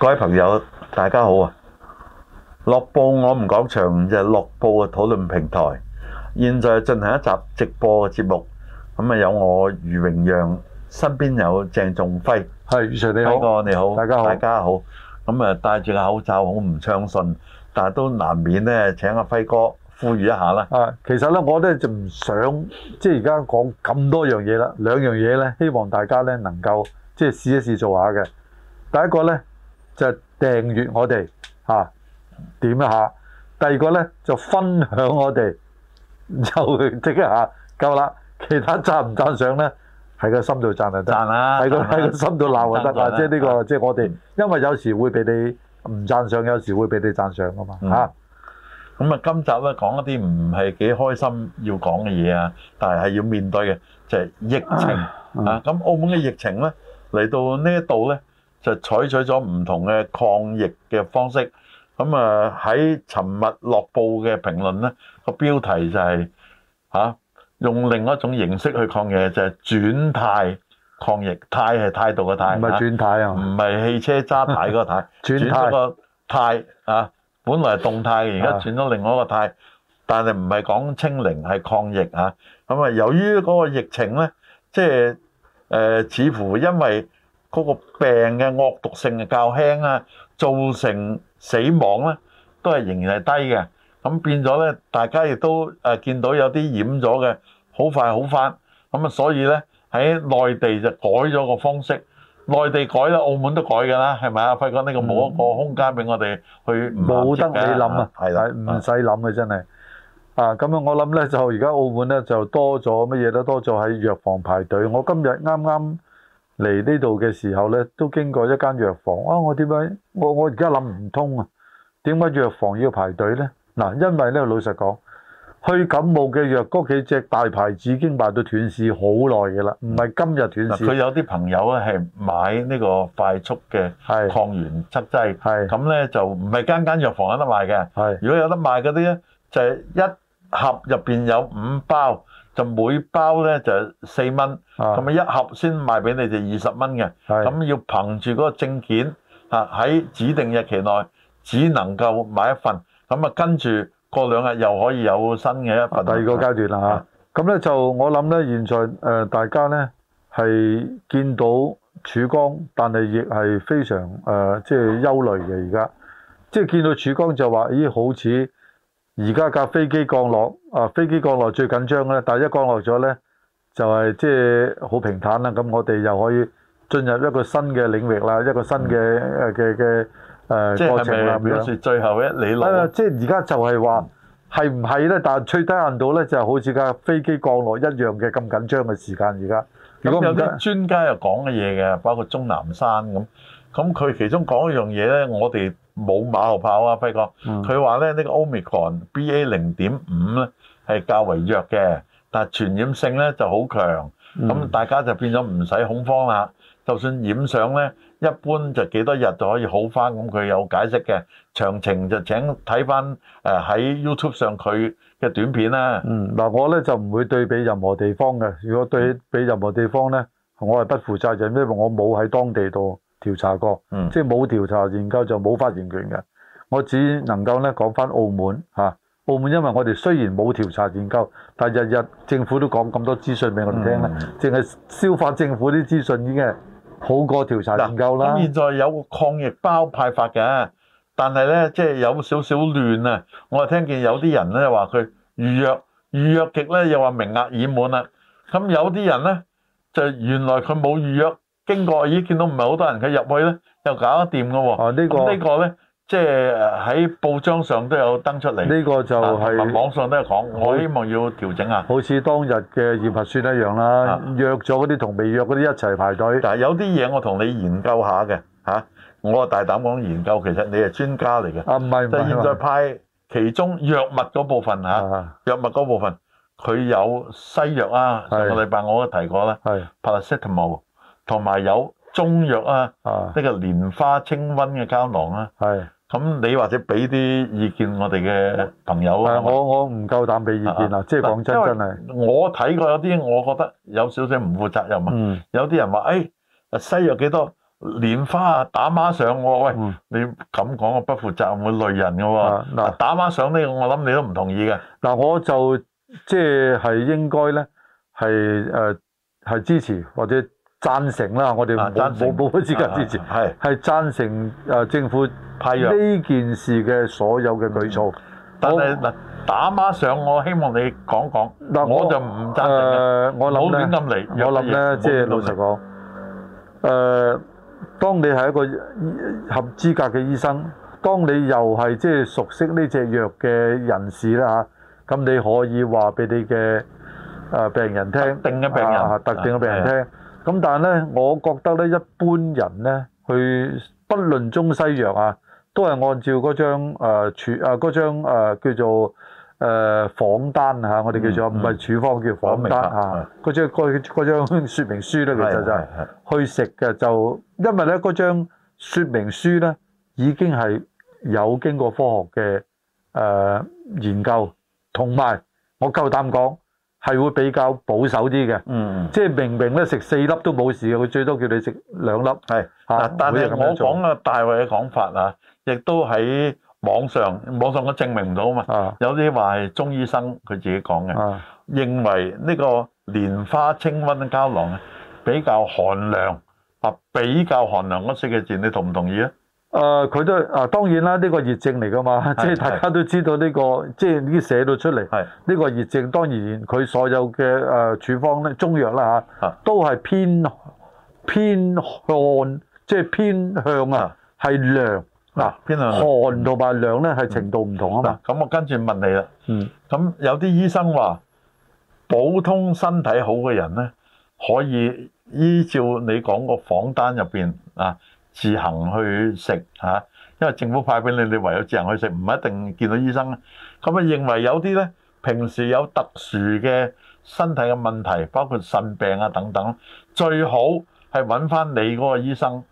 各位朋友，大家好啊！樂報我們講場就係樂報嘅討論平台，現在進行一集直播嘅節目。咁啊，有我余榮讓，身邊有鄭仲輝，係余 Sir，你好輝哥你好，大家好大家好。咁啊，戴住個口罩好唔暢順，但係都難免咧，請阿輝哥呼籲一下啦。啊，其實咧我咧就唔想即係而家講咁多樣嘢啦，兩樣嘢咧，希望大家咧能夠即係試一試做下嘅。第一個咧。就訂閱我哋嚇點一下，第二個咧就分享我哋，就即刻嚇夠啦。其他讚唔讚賞咧，喺個心度讚就得，喺個喺個心度鬧就得。即係呢個，即係我哋，因為有時會俾你唔讚賞，有時會俾你讚賞㗎嘛嚇。咁啊，今集咧講一啲唔係幾開心要講嘅嘢啊，但係係要面對嘅，就係疫情啊。咁澳門嘅疫情咧嚟到呢一度咧就採取咗唔同嘅抗疫嘅方式，咁啊喺《尋日樂報》嘅評論呢，那個標題就係、是、嚇、啊、用另一種形式去抗疫，就係、是、轉態抗疫。態係態度嘅態，唔係轉態啊，唔係汽車揸牌嗰個態。轉態個態啊，本來係動態，而家轉咗另外一個態，但係唔係講清零，係抗疫啊。咁啊，由於嗰個疫情呢，即、就、係、是呃、似乎因為。嗰個病嘅惡毒性係較輕啦，造成死亡咧都係仍然係低嘅。咁變咗咧，大家亦都誒見到有啲染咗嘅，好快好翻。咁啊，所以咧喺內地就改咗個方式，內地改啦，澳門都改㗎啦，係咪啊？輝哥，呢個冇一個空間俾我哋去冇得你諗啊，係啦，唔使諗嘅真係。啊，咁樣我諗咧就而家澳門咧就多咗乜嘢都多咗喺藥房排隊。我今日啱啱嚟呢度嘅時候咧，都經過一間藥房。啊，我點解我我而家諗唔通啊？點解藥房要排隊咧？嗱，因為咧老實講，去感冒嘅藥嗰幾隻大牌子已經賣到斷市好耐嘅啦，唔係今日斷市。佢有啲朋友咧係買呢個快速嘅抗原測劑，咁咧就唔係間間藥房有得賣嘅。如果有得賣嗰啲咧，就係一盒入邊有五包。就每包咧就四蚊，咁啊一盒先賣俾你哋二十蚊嘅，咁要憑住嗰個證件嚇喺指定日期內只能夠買一份，咁啊跟住過兩日又可以有新嘅一份。第二個階段啦嚇，咁咧就我諗咧，現在誒大家咧係見到曙光，但係亦係非常誒即係憂慮嘅而家。即係見到曙光就話咦，好似而家架飛機降落。啊！飛機降落最緊張咧，但係一降落咗咧，就係即係好平坦啦。咁我哋又可以進入一個新嘅領域啦，一個新嘅嘅嘅誒過程啦。表示最後一理論。啊！即係而家就係話係唔係咧？但係最低限度咧，就好似架飛機降落一樣嘅咁緊張嘅時間。而家咁有啲專家又講嘅嘢嘅，包括鍾南山咁。咁佢其中講一樣嘢咧，我哋冇馬後炮啊，輝哥。佢話咧呢個 Omicron BA 零點五咧係較為弱嘅，但係傳染性咧就好強。咁大家就變咗唔使恐慌啦。就算染上咧，一般就幾多日就可以好翻。咁佢有解釋嘅詳情就請睇翻誒喺 YouTube 上佢嘅短片啦。嗯，嗱我咧就唔會對比任何地方嘅。如果對比任何地方咧，我係不負責任，因為我冇喺當地度。調查過，即係冇調查研究就冇發言權嘅。我只能夠咧講翻澳門嚇，澳門因為我哋雖然冇調查研究，但係日日政府都講咁多資訊俾我哋聽咧，淨、嗯、係消化政府啲資訊已經係好過調查研究啦。咁現在有個抗疫包派發嘅，但係咧即係有少少亂啊！我聽見有啲人咧話佢預約預約極咧，又話名額已滿啦。咁有啲人咧就原來佢冇預約。經過咦，見到唔係好多人佢入去咧，又搞得掂嘅喎。啊，呢、這個、個呢個咧，即係喺報章上都有登出嚟。呢、這個就係、是、網上都有講。我希望要調整啊。好似當日嘅葉核酸一樣啦、啊，約咗嗰啲同未約嗰啲一齊排隊。啊、但有啲嘢我同你研究下嘅嚇、啊，我啊大膽講研究，其實你係專家嚟嘅。啊，唔係唔係。就是、現在派其中藥物嗰部分嚇、啊啊，藥物嗰部分佢有西藥啊。上個禮拜我都提過啦 paracetamol 同埋有中藥啊，呢、啊、個蓮花清瘟嘅膠囊啊，咁你或者俾啲意見我哋嘅朋友啊，就是、我我唔夠膽俾意見啊，即係講真真係，我睇過有啲，我覺得有少少唔負責任啊，嗯、有啲人話誒、哎、西藥幾多蓮花啊打孖上我、啊、喂，嗯、你咁講我不負責任會累人嘅喎、啊，嗱、啊、打孖上呢我諗你都唔同意嘅，嗱、啊、我就即係、就是、應該咧係、呃、係支持或者贊成啦，我哋冇冇資格支持，係贊成誒政府派呢件事嘅所有嘅舉措。我嗱打孖上，我希望你講講，我就唔贊成。誒，我諗咧，我諗咧，即係老實講，誒，當你係一個合資格嘅醫生，當你又係即係熟悉呢隻藥嘅人士啦吓，咁你可以話俾你嘅誒病人聽，特定嘅病人，特定嘅病人聽。咁但係咧，我覺得咧，一般人咧，去不論中西藥啊，都係按照嗰張誒處誒嗰張叫做、啊、仿單嚇，我哋叫做唔係處方嗯嗯叫仿單嚇，嗰張說明書咧，其實就係去食嘅就，因為咧嗰張說明書咧已經係有經過科學嘅、啊、研究，同埋我夠膽講。係會比較保守啲嘅，即係明明咧，食四粒都冇事嘅，佢最多叫你食兩粒，係吓。但係我講嘅大衛嘅講法啊，亦都喺網上網上我證明唔到啊嘛。有啲話係中醫生佢自己講嘅，認為呢個蓮花清瘟膠囊比較寒涼啊，比較寒涼嗰四個字，你同唔同意啊？誒、呃，佢都啊，當然啦，呢、這個熱症嚟噶嘛，即係大家都知道呢、這個，是即係已經寫到出嚟。呢、這個熱症，當然佢所有嘅誒處方咧，中藥啦吓，都係偏偏向，即係偏向啊，係涼嗱，偏向寒同埋涼咧，係、啊嗯、程度唔同啊嘛。咁、嗯、我跟住問你啦，咁、嗯、有啲醫生話、嗯，普通身體好嘅人咧，可以依照你講個房單入邊啊。自行去食吓，因為政府派俾你，你唯有自行去食，唔一定見到醫生。咁啊，認為有啲咧，平時有特殊嘅身體嘅問題，包括腎病啊等等，最好係揾翻你嗰個醫生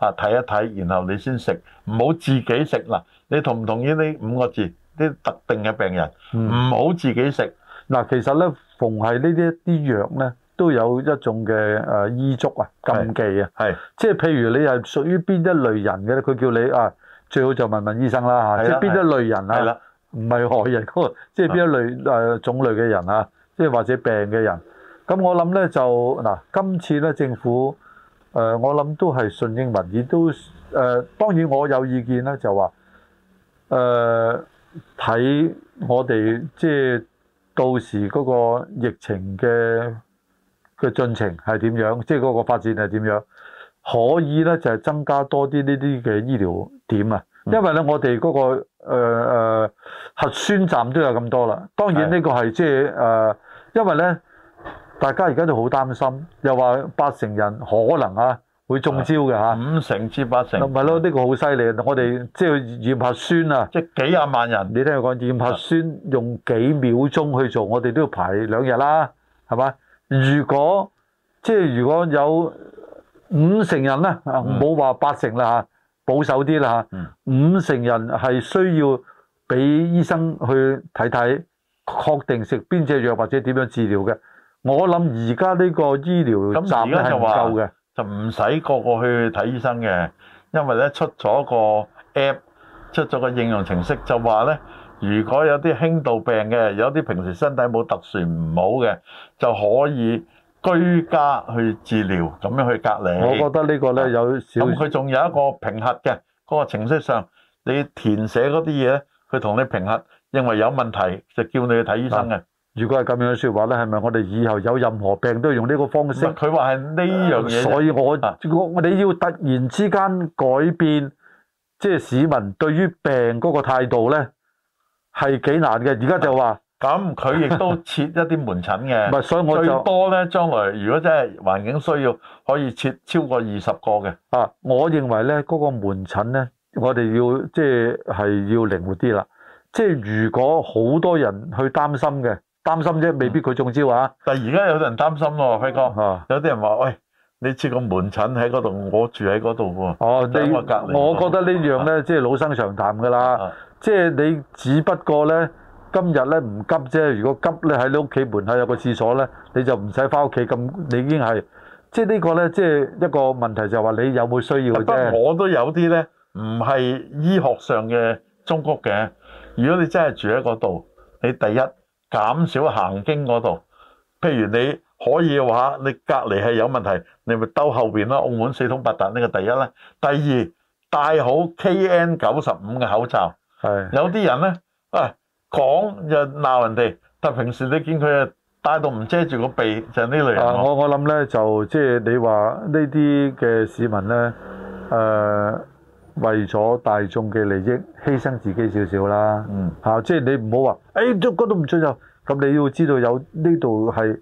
啊睇一睇，然後你先食，唔好自己食嗱。你同唔同意呢五個字？啲特定嘅病人唔好自己食嗱。其實咧，逢係呢一啲藥咧，都有一種嘅誒醫囑啊、禁忌啊，是是即係譬如你係屬於邊一類人嘅咧？佢叫你啊，最好就問問醫生啦嚇，即係邊一類人啊？係啦，唔係害人嗰個，即係邊一類誒、呃、種類嘅人啊？即係或者病嘅人。咁我諗咧就嗱、啊，今次咧政府誒、呃，我諗都係順應民意，都誒、呃、當然我有意見咧，就話誒睇我哋即係到時嗰個疫情嘅。嘅進程係點樣？即係嗰個發展係點樣？可以咧，就係、是、增加多啲呢啲嘅醫療點啊！因為咧，我哋嗰、那個誒、呃、核酸站都有咁多啦。當然呢個係即係誒，因為咧大家而家都好擔心，又話八成人可能啊會中招嘅嚇，五成至八成。唔係咯，呢、這個好犀利！我哋即係驗核酸啊，即係、就是、幾廿萬人，你聽我講驗核酸用幾秒鐘去做，我哋都要排兩日啦，係嘛？如果即係如果有五成人啊，唔好話八成啦嚇，保守啲啦嚇，五成人係需要俾醫生去睇睇，確定食邊隻藥或者點樣治療嘅。我諗而家呢個醫療站咧係夠嘅，現在就唔使個個去睇醫生嘅，因為咧出咗個 app。出咗個應用程式，就話咧，如果有啲輕度病嘅，有啲平時身體冇特殊唔好嘅，就可以居家去治療，咁樣去隔離。我覺得呢個咧有少咁，佢仲有一個評核嘅嗰個程式上，你填寫嗰啲嘢咧，佢同你評核，認為有問題就叫你去睇醫生嘅。如果係咁樣説話咧，係咪我哋以後有任何病都要用呢個方式？佢話係呢樣嘢，所以我我我哋要突然之間改變。即、就、係、是、市民對於病嗰個態度咧係幾難嘅，而家就話咁佢亦都設一啲門診嘅，唔 係所以我就最多咧將來如果真係環境需要可以設超過二十個嘅啊，我認為咧嗰、那個門診咧我哋要即係、就是、要靈活啲啦，即、就、係、是、如果好多人去擔心嘅擔心啫，未必佢中招啊，嗯、但係而家有啲人擔心喎，輝哥，啊、有啲人話喂。哎你設個門診喺嗰度，我住喺嗰度喎。哦、啊，我覺得樣，呢樣咧，即、就、係、是、老生常談噶啦。即、啊、係、就是、你只不過咧，今日咧唔急啫。如果急咧，喺你屋企門口有個廁所咧，你就唔使翻屋企咁。你已經係即係呢個咧，即、就、係、是、一個問題，就話你有冇需要。但我都有啲咧，唔係醫學上嘅中國嘅。如果你真係住喺嗰度，你第一減少行經嗰度，譬如你。可以嘅話，你隔籬係有問題，你咪兜後邊咯。澳門四通八達，呢個第一啦。第二戴好 KN 九十五嘅口罩。係。有啲人咧，啊講又鬧人哋，但係平時你見佢啊戴到唔遮住個鼻，就係呢類型。啊，我我諗咧就即係你話呢啲嘅市民咧，誒為咗大眾嘅利益，犧牲自己少少啦。嗯。嚇，即係你唔好話，誒都嗰度唔自由，咁你要知道有呢度係。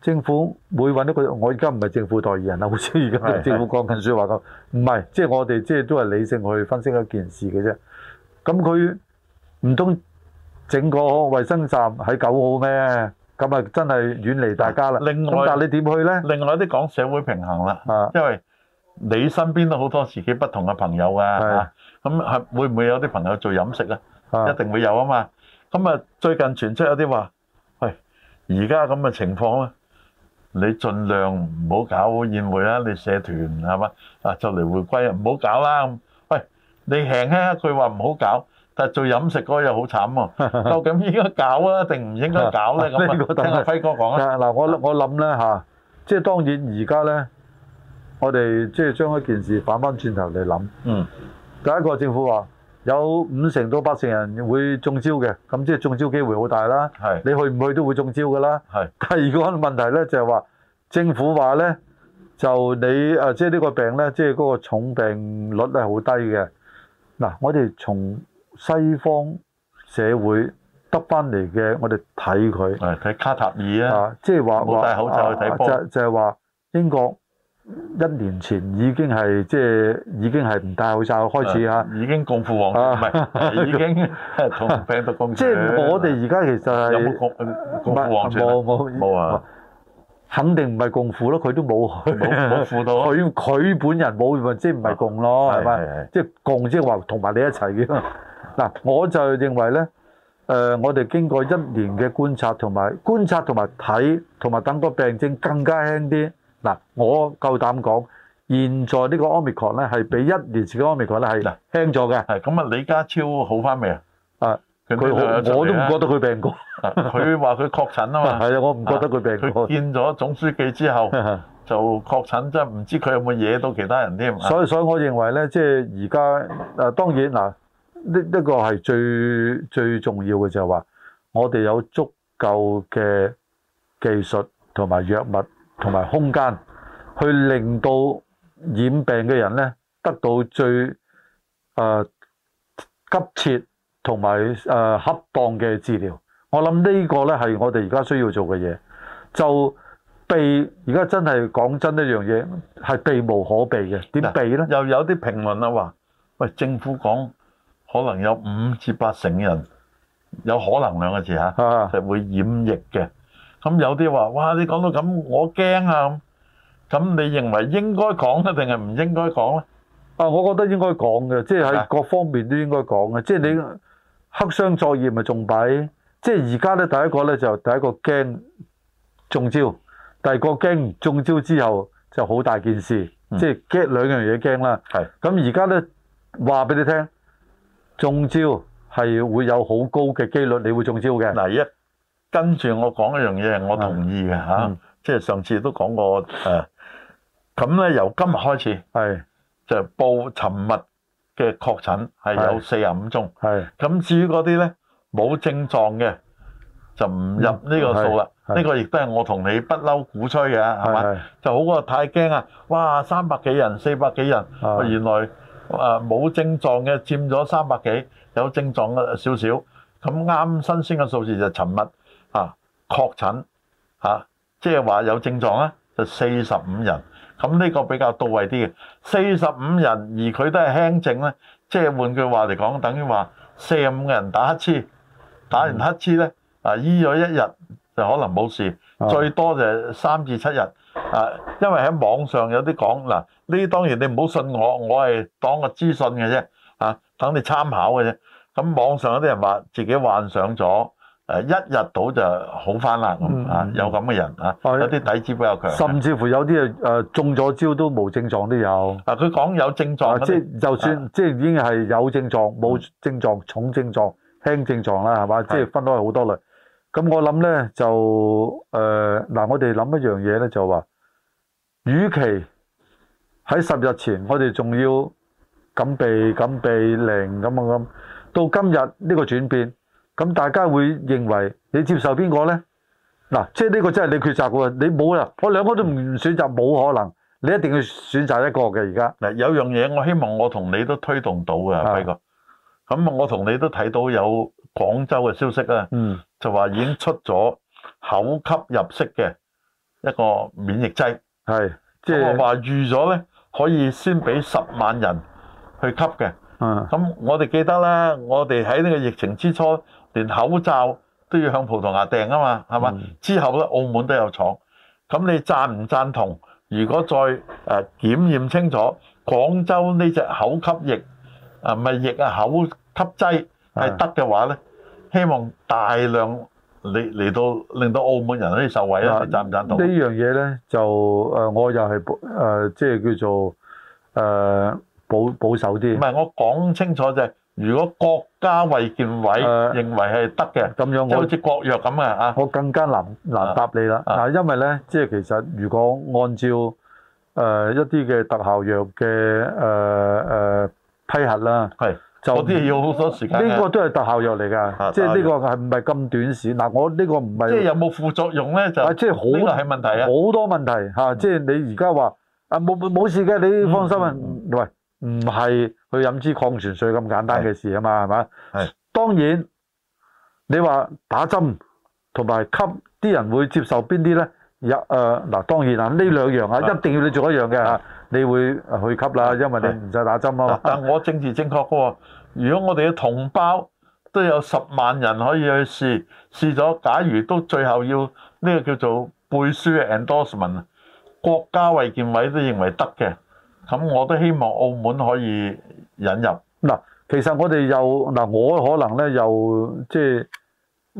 政府會揾一個，我而家唔係政府代言人啦，好似而家政府講緊説話噶，唔係，即係我哋即係都係理性去分析一件事嘅啫。咁佢唔通整個衞生站喺九號咩？咁啊真係遠離大家啦。另外，但你點去咧？另外啲講社會平衡啦，因為你身邊都好多自己不同嘅朋友㗎，咁係會唔會有啲朋友做飲食咧？一定會有啊嘛。咁啊，最近傳出有啲話，喂，而家咁嘅情況咧。你儘量唔好搞宴會啦，你社團係嘛？嗱，就嚟回歸啊，唔好搞啦咁。喂，你輕輕一句話唔好搞，但係做飲食嗰啲又好慘喎。究竟應該搞啊定唔應該搞咧？咁啊，聽阿輝哥講啊。嗱，我我諗咧嚇，即係當然而家咧，我哋即係將一件事反翻轉頭嚟諗。嗯。第一個政府話。有五成到八成人會中招嘅，咁即係中招機會好大啦。係，你去唔去都會中招噶啦。第二個問題咧就係話，政府話咧就你誒，即係呢個病咧，即係嗰個重病率係好低嘅。嗱、啊，我哋從西方社會得返嚟嘅，我哋睇佢。誒，睇卡塔爾啊，即係話冇戴口罩、啊、去睇波、啊、就係、就係、是、話英國。一年前已經係即係已經係唔戴口罩開始嚇，已經共赴黃泉，唔係已經同病毒共。即係我哋而家其實係有冇共共赴黃泉，冇冇冇啊！肯定唔係共赴咯，佢都冇。冇赴到，佢佢本人冇，即係唔係共咯？係咪？即係共即係話同埋你一齊嘅。嗱，我就認為咧，誒，我哋經過一年嘅觀察同埋觀察同埋睇同埋等個病徵更加輕啲。嗱，我夠膽講，現在呢個奧密克朗咧係比一年前嘅奧密克朗咧係嗱輕咗嘅。咁啊，李家超好返未啊？啊，佢我都唔覺得佢病過。佢話佢確診啊嘛。係啊，我唔覺得佢病過。見咗總書記之後就確診，真係唔知佢有冇惹到其他人添。所以，所以我認為咧，即係而家啊，當然嗱，呢一個係最最重要嘅就係話，我哋有足夠嘅技術同埋藥物。同埋空間，去令到染病嘅人咧得到最誒急切同埋誒恰當嘅治療。我諗呢個咧係我哋而家需要做嘅嘢。就避而家真係講真一樣嘢，係避無可避嘅。點避咧？又有啲評論啊話，喂，政府講可能有五至八成嘅人有可能兩個字吓，就會染疫嘅。咁有啲話哇，你講到咁，我驚啊咁。咁你認為應該講咧，定係唔應該講咧？啊，我覺得應該講嘅，即係喺各方面都應該講嘅。即係你黑箱作業咪仲弊？即係而家咧，第一個咧就第一個驚中招，第二個驚中招之後就好大件事，即係驚兩樣嘢驚啦。係。咁而家咧話俾你聽，中招係會有好高嘅幾率你會中招嘅。第一。跟住我講一樣嘢，我同意嘅嚇，即係上次都講過誒。咁咧由今日開始，係就報沉默嘅確診係有四十五宗，係咁至於嗰啲咧冇症狀嘅就唔入呢個數啦。呢個亦都係我同你不嬲鼓吹嘅，係嘛？就好過太驚啊！哇，三百幾人、四百幾人，原來誒冇症狀嘅佔咗三百幾，有症狀嘅少少。咁啱新鮮嘅數字就沉默。啊，確診嚇，即係話有症狀咧，就四十五人，咁呢個比較到位啲嘅。四十五人而佢都係輕症咧，即係換句話嚟講，等於話四十五個人打乞嗤，打完乞嗤咧啊，醫咗一日就可能冇事，最多就三至七日啊。因為喺網上有啲講嗱，呢啲當然你唔好信我，我係當個資訊嘅啫啊，等你參考嘅啫。咁網上有啲人話自己幻想咗。誒，一日到就好翻啦，吓有咁嘅人啊，有啲底子比較強，甚至乎有啲誒誒中咗招都冇症狀都有。啊，佢講有症狀嗰啲，即係就算即係已經係有症狀、冇症狀、重症狀、輕症狀啦，係嘛？即係分開好多類。咁我諗咧就誒嗱，我哋諗一樣嘢咧就話，與其喺十日前我哋仲要咁避咁避零咁啊咁，到今日呢個轉變。咁大家會認為你接受邊個呢？嗱、啊，即係呢個真係你抉擇過。你冇啦，我兩個都唔選擇，冇可能。你一定要選擇一個嘅。而家嗱，有樣嘢我希望我同你都推動到嘅，輝哥。咁我同你都睇到有廣州嘅消息啦，就話已經出咗口吸入式嘅一個免疫劑。係，即係話預咗呢，可以先俾十萬人去吸嘅。嗯。咁我哋記得啦，我哋喺呢個疫情之初。連口罩都要向葡萄牙訂啊嘛，係嘛？之後咧，澳門都有廠。咁你贊唔贊同？如果再誒檢驗清楚，廣州呢隻口吸液啊，唔係液啊，口吸劑係得嘅話咧，希望大量嚟嚟到令到澳門人可以受惠啊！贊唔贊同？呢樣嘢咧就誒，我又係誒，即係叫做誒保保守啲。唔係，我講清楚就係。如果國家衛健委認為係得嘅，咁樣就好似國藥咁嘅啊，我更加難難答你啦。嗱，因為咧，即係其實如果按照誒一啲嘅特效藥嘅誒誒批核啦，係，就啲要好多時間嘅。呢個都係特效藥嚟㗎，即係呢個係唔係咁短時？嗱，我呢個唔係即係有冇副作用咧？就啊，即係好大問題，好多問題嚇。即係你而家話啊冇冇事嘅，你放心啊，喂。唔係去飲支礦泉水咁簡單嘅事啊嘛，係嘛？當然你話打針同埋吸啲人會接受邊啲咧？一誒嗱，當然啊呢兩樣啊，一定要你做一樣嘅吓，你會去吸啦，因為你唔使打針啊嘛。但我政治正確喎，如果我哋嘅同胞都有十萬人可以去試，試咗，假如都最後要呢個叫做背書嘅 endorsement，國家衛健委都認為得嘅。咁我都希望澳門可以引入嗱，其實我哋又嗱，我可能咧又即係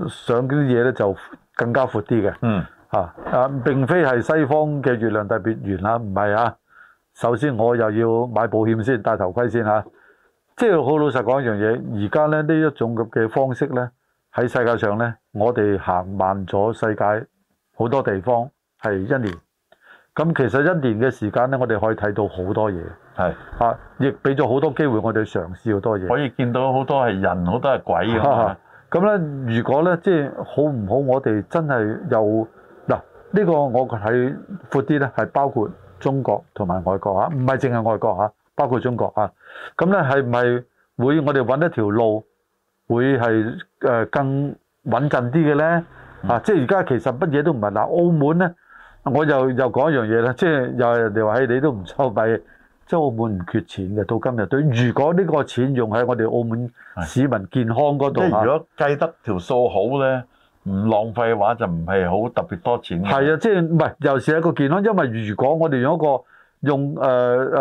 上啲嘢咧就更加闊啲嘅，嗯嚇啊並非係西方嘅月亮特別圓啦，啊，唔係啊，首先我又要買保險先戴頭盔先嚇，即係好老實講一樣嘢，而家咧呢一種嘅方式咧喺世界上咧，我哋行慢咗世界好多地方係一年。咁其實一年嘅時間咧，我哋可以睇到好多嘢，係啊，亦俾咗好多機會我哋嘗試好多嘢，可以見到好多係人，好多係鬼嘅。咁咧，如果咧即係好唔好？我哋真係有嗱，呢個我係闊啲咧，係包括中國同埋外國嚇，唔係淨係外國嚇，包括中國嚇。咁咧係唔係會我哋揾一條路會係誒更穩陣啲嘅咧？啊，即係而家其實乜嘢都唔係嗱，澳門咧。我又又講一樣嘢啦，即係又係人哋話，嘿，你都唔收費，即係澳門唔缺錢嘅，到今日。對，如果呢個錢用喺我哋澳門市民健康嗰度嚇，即係如果計得條數好咧，唔浪費嘅話，就唔係好特別多錢。係啊，即係唔係又是一個健康？因為如果我哋用一個用誒誒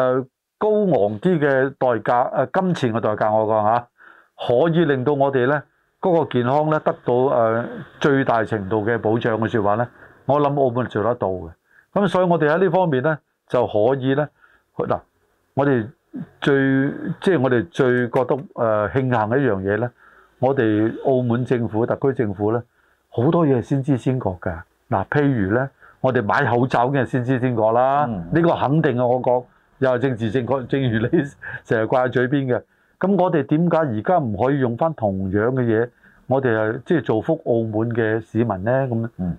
高昂啲嘅代價誒金錢嘅代價，我講嚇，可以令到我哋咧嗰個健康咧得到誒最大程度嘅保障嘅説話咧。我諗澳門做得到嘅，咁所以我哋喺呢方面呢就可以呢。嗱，就是、我哋最即係我哋最覺得誒、呃、慶幸嘅一樣嘢呢，我哋澳門政府、特區政府呢，好多嘢先知先覺㗎。嗱，譬如呢，我哋買口罩梗係先知先覺啦，呢、嗯，這個肯定嘅我講，又係政治正確，正如你成日掛喺嘴邊嘅。咁我哋點解而家唔可以用翻同樣嘅嘢，我哋係即係造福澳門嘅市民呢？咁啊？嗯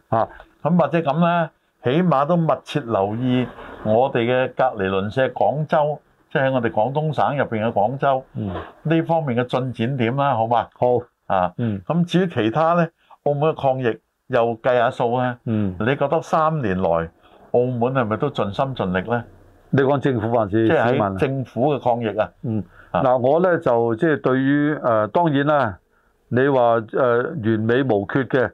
咁或者咁咧，起碼都密切留意我哋嘅隔離鄰舍廣州，即係我哋廣東省入面嘅廣州呢、嗯、方面嘅進展點啦，好嘛？好啊。咁、嗯、至於其他咧，澳門嘅抗疫又計下數呢、啊？嗯，你覺得三年來澳門係咪都盡心盡力咧？你講政府還是市民？即係政府嘅抗疫啊。嗯。嗱，我咧就即係對於誒、呃，當然啦，你話誒、呃、完美無缺嘅。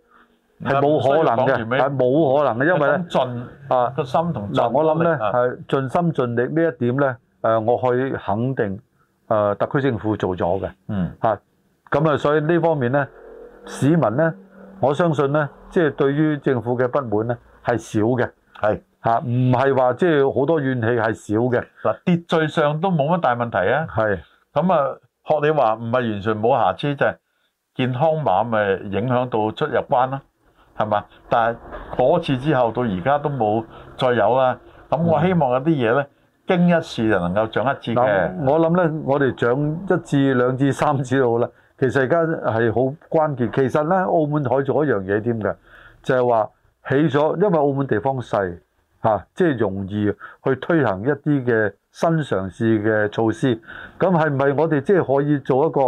係冇可能嘅，係冇可能嘅，因為咧盡啊個心同嗱，我諗咧係盡心盡力呢一點咧，誒，我可以肯定誒、呃，特區政府做咗嘅，嗯嚇，咁啊，所以呢方面咧，市民咧，我相信咧，即係對於政府嘅不滿咧係少嘅，係嚇，唔係話即係好多怨氣係少嘅嗱，秩序上都冇乜大問題啊，係咁啊，學你話唔係完全冇瑕疵，就係健康碼咪影響到出入關啦。係嘛？但係嗰次之後到而家都冇再有啦。咁我希望有啲嘢呢，經一事就能夠長一智嘅、嗯。我諗呢，我哋長一至兩至三次都好啦。其實而家係好關鍵。其實呢，澳門可以做一樣嘢添㗎，就係、是、話起咗，因為澳門地方細，即、啊、係、就是、容易去推行一啲嘅新嘗試嘅措施。咁係唔係我哋即係可以做一個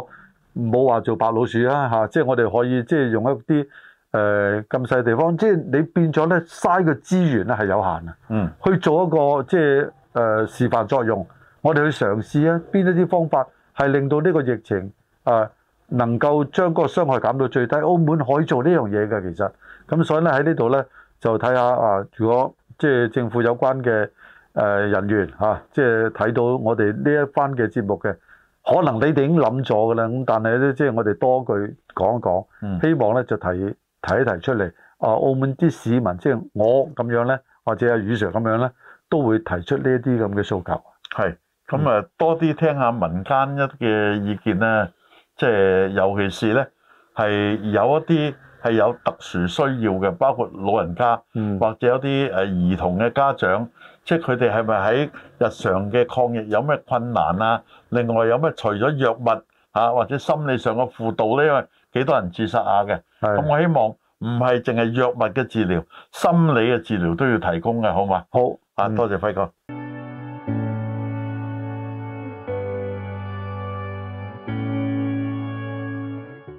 唔好話做白老鼠啦？即、啊、係、就是、我哋可以即係用一啲。誒、呃，咁細地方，即係你變咗咧，嘥個資源咧係有限啊。嗯，去做一個即係誒、呃、示範作用，我哋去嘗試啊，邊一啲方法係令到呢個疫情啊、呃，能夠將個傷害減到最低。澳門可以做呢樣嘢嘅，其實咁所以咧喺呢度咧就睇下啊，如果即係政府有關嘅誒人員吓、啊，即係睇到我哋呢一班嘅節目嘅，可能你哋已經諗咗噶啦。咁但係咧，即係我哋多句講一講，希望咧就提。嗯睇提，提出嚟啊！澳門啲市民即係我咁樣咧，或者阿余 Sir 咁樣咧，都會提出呢一啲咁嘅訴求。係咁啊，多啲聽下民間一嘅意見咧，即係尤其是咧係有一啲係有特殊需要嘅，包括老人家、嗯、或者一啲誒兒童嘅家長，即係佢哋係咪喺日常嘅抗疫有咩困難啊？另外有咩除咗藥物啊或者心理上嘅輔導咧？因為幾多人自殺啊嘅？咁我希望唔係淨係藥物嘅治療，心理嘅治療都要提供嘅，好嘛？好啊，嗯、多謝輝哥。